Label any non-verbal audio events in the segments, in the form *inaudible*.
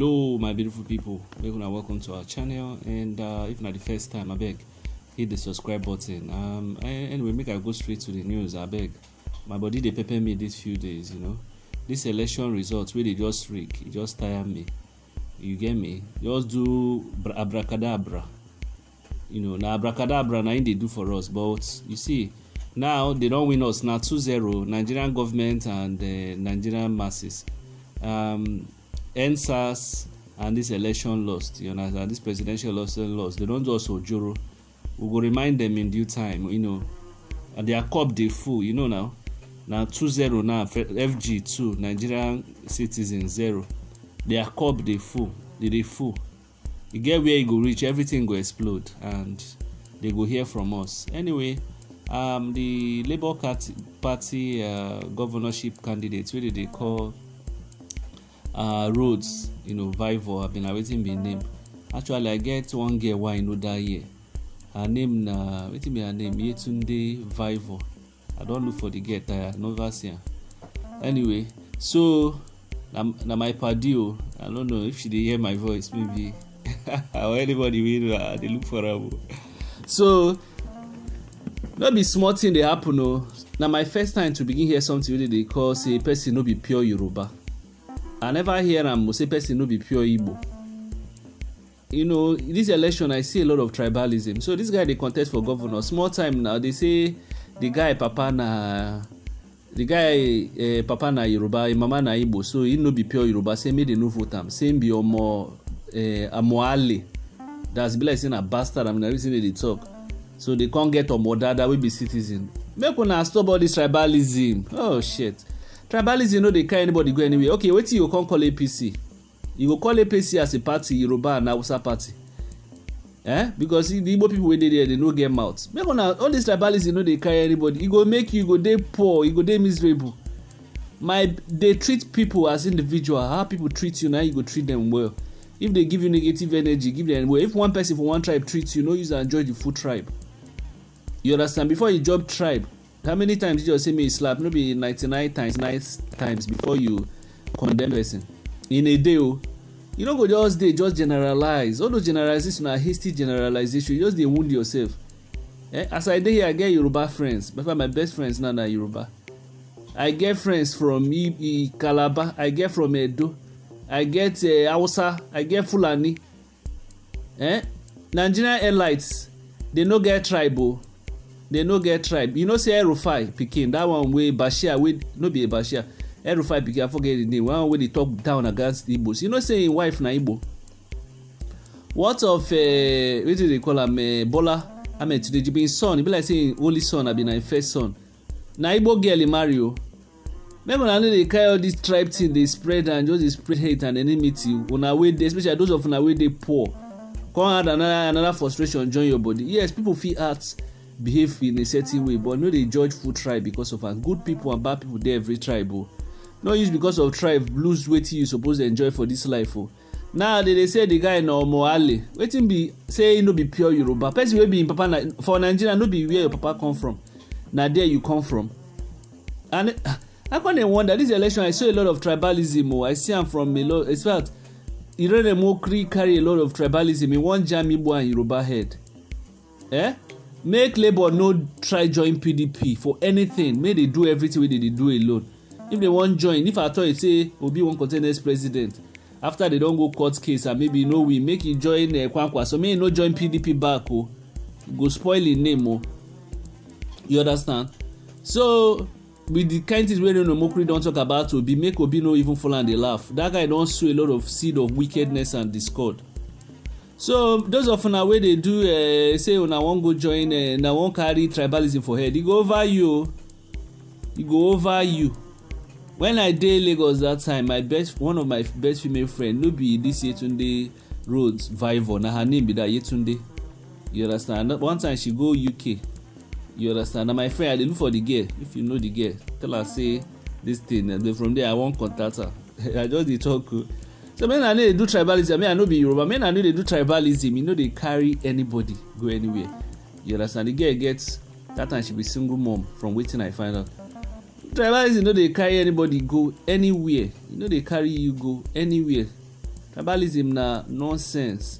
hello my beautiful people make una welcome to our channel and uh, if not the first time I beg hit the subscribe button um, eh, anyway make i go straight to the news I beg, my body dey pepper me these few days you know this election results really just freak It e just tire me you get me just do abracadabra you know na abracadabra na they do for us but you see now they don't win us na 2-0 nigerian government and uh, nigerian masses. Um, NSAS and this election lost, you understand, this presidential lost and lost. They don't just Ojoro. We go remind them in due time, you know. And their cup they full, you know now. Now two zero now, fg two Nigerian citizens 0. Their cup they full, they dey full. You get where you go reach, everything go explode and they go hear from us. Anyway, um, the Labour Party uh, governorship candidates, where did they call uh, roads you know vival abi na wetin be name actually i get one girl wey i know that year her name na wetin be her name yetunde vival i don look for the girl tire i never see am anyway so na, na my padi o oh, i no know if she dey hear my voice maybe *laughs* or anybody wey know her dey look for am o oh. so no be small thing dey happen o oh. na my first time to begin hear something wey dey dey call say person no be pure yoruba i never hear am say person no be pure igbo you know this election i see a lot of tribalism so this guy dey contest for governor small time now they say the guy papa na the guy eh, papa na yoruba him mama na igbo so he no be pure yoruba say make they no vote am say him be omo eh, amoale that's be like say na bastard and na reason they dey talk so they come get omo dada wey be citizen make una stop all this tribalism oh shit tribalism no dey carry anybody go anywhere okay wetin you go come call apc you go call apc as a party yoruba and hausa party eh because the igbo people wey dey there dey no get mouth make una all this tribalism no dey carry anybody e go make you go dey poor you go dey miserable my dey treat people as individual how people treat you na you go treat them well if they give you negative energy give them well if one person from one tribe treat you no use am join the full tribe you understand before you join tribe how many times jesus say see me slap no be ninety-nine times nine times before you condemn person in a day o oh, you no go just dey just generalize all those generalization na hasty generalization you just dey wound yourself eh as i dey here i get yoruba friends by far my best friends now na yoruba i get friends from I, I, calabar i get from edo i get uh, hausa i get fulani eh nigerian elites dey no get tribe o. Oh they no get tribe you know say erufai pikin that one wey bashir wey no be bashir erufai pikin i forget the name one wey dey talk down against igbos you know say im wife na igbo what of uh, eh, wetin dey call am uh, bola ahmed tinubu bin son e be like say im only son abi na im first son na igbo girl e marry o oh. make una no dey carry all this tribe thing dey spread and just dey spread hate and enmity una wey dey especially those of una wey dey poor come add another another frustration join your body yes people fit act behave in a certain way but no dey judge full tribe because of am good people and bad people dey every tribe o oh. no use because of tribe lose wetin you suppose enjoy for this life o oh. now they dey say the guy na omo ale wetin be say no be pure yoruba person wey be im papa na for nigeria no be where your papa come from na there you come from and i come dey wonder this election i saw a lot of tribalism o oh. i see am from a lot in fact irenemo kri carry a lot of tribalism e wan jam igbo and yoruba head eh make labour no try join pdp for anything make dey do everything wey dey dey do alone if they wan join if at all you, say obi wan contain as president after they don go court case and maybe e no win make e join uh, kwankwa so make e no join pdp back o oh. go spoil im name o oh. you understand so with the kind things wey Reno Omokri don talk about Obi make Obi no even follow am dey laugh that guy don sow a lot of seed of wickedness and discord so those of una wey dey do uh, say una wan go join uh, una wan carry tribalism for head e go over you o e go over you when i dey lagos that time my best one of my best female friend no be this yetunde road vivor na her name be that yetunde you understand one time she go uk you understand na my friend i dey look for the girl if you know the girl tell her say this thing and then from there i wan contact her *laughs* i just dey talk o. Uh, so men I no dey do tribalism Men i no be yoruba men I no dey do tribalism e no dey carry anybody go anywhere you understand the girl get that time she be single mom from wetin i find out tribalism no dey carry anybody go anywhere e no dey carry you go anywhere tribalism na nonsense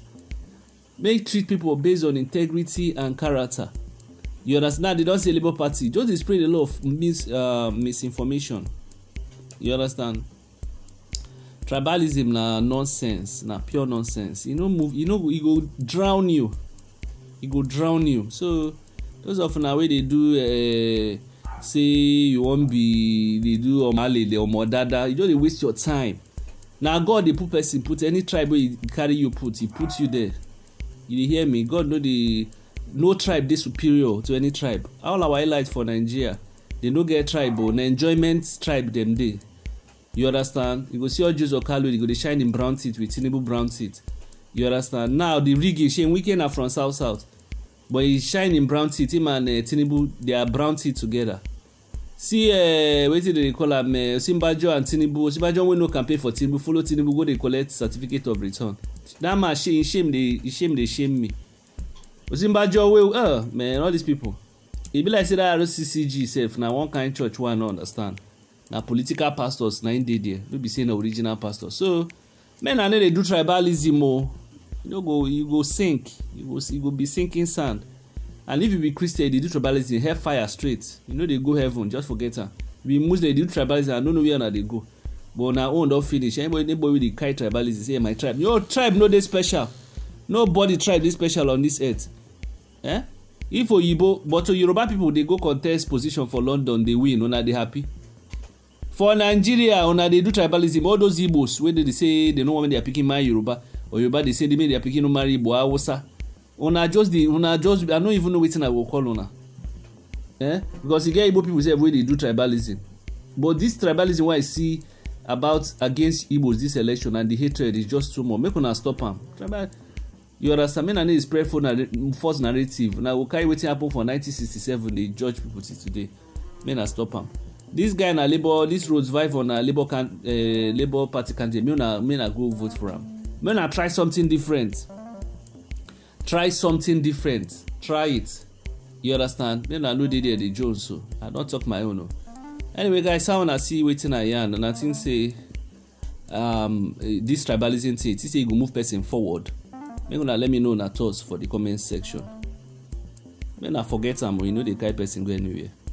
make treat people based on integrity and character you understand they don say labour party just dey spread a lot of mis uh, misinformation you understand tribalism na nonsense na pure nonsense e no move e no e go drown you e go drown you so those of una wey dey do uh, say you wan be dey do omale dey omo dada you just dey waste your time na god dey put person put any tribe wey he carry you put he put you there you dey hear me god no dey no tribe dey superior to any tribe all our allies for nigeria dey no get tribe o oh, na enjoyment tribe dem dey you understand you go see all juice okalu dey go dey shine im brown teeth with tinubu brown teeth you understand now the rigging, shane wike na from south south but he shine im brown teeth him and uh, tinubu they are brown teeth together see uh, eh, wetin dem dey call am uh, osinbajo and tinubu osinbajo wey no campaign for tinubu follow tinubu go dey collect certificate of return that man shame shame dey shame dey shame me osinbajo wey uh, man all these people e be like say that rccg sef na one kind church wey i no understand na political pastors na im dey there no be say na original pastor so men na no dey do tribalism o you no go you go sink you go you go be sinking sand and if you be christian you dey do tribalism hell fire straight you no dey go heaven just forget am we muslim dey do tribalism i no know where una dey go but una own don finish anybody anybody wey dey carry tribalism say my tribe your tribe no dey special nobody tribe dey special on this earth eh if oyibo but to yoruba people dey go contest position for london dey win una dey happy for nigeria una dey do tribalism all those igbos wey dey say they no want make their pikin marry yoruba or yoruba dey say make their pikin no marry igbo hausa una just dey una just i no even know wetin i go call una eh because e get igbo people sef wey dey do tribalism but this tribalism wey i see about against igbos this election and the hatred is just too much make una stop am you understand make na need spread false narrative na go carry wetin happen for 1967 dey judge people till today make na stop am. This guy na labour dis road survivor na labour can uh, labour party candidate make una make una go vote for am make una try something different try something different try it you understand make una no dey there dey jones so i don talk my own o oh. anyway guys how una see wetin i yarn una think say um, eh, this tribalism thing think say e go move person forward make una let me know una thoughts for the comment section make una forget am o e no dey carry person go anywhere.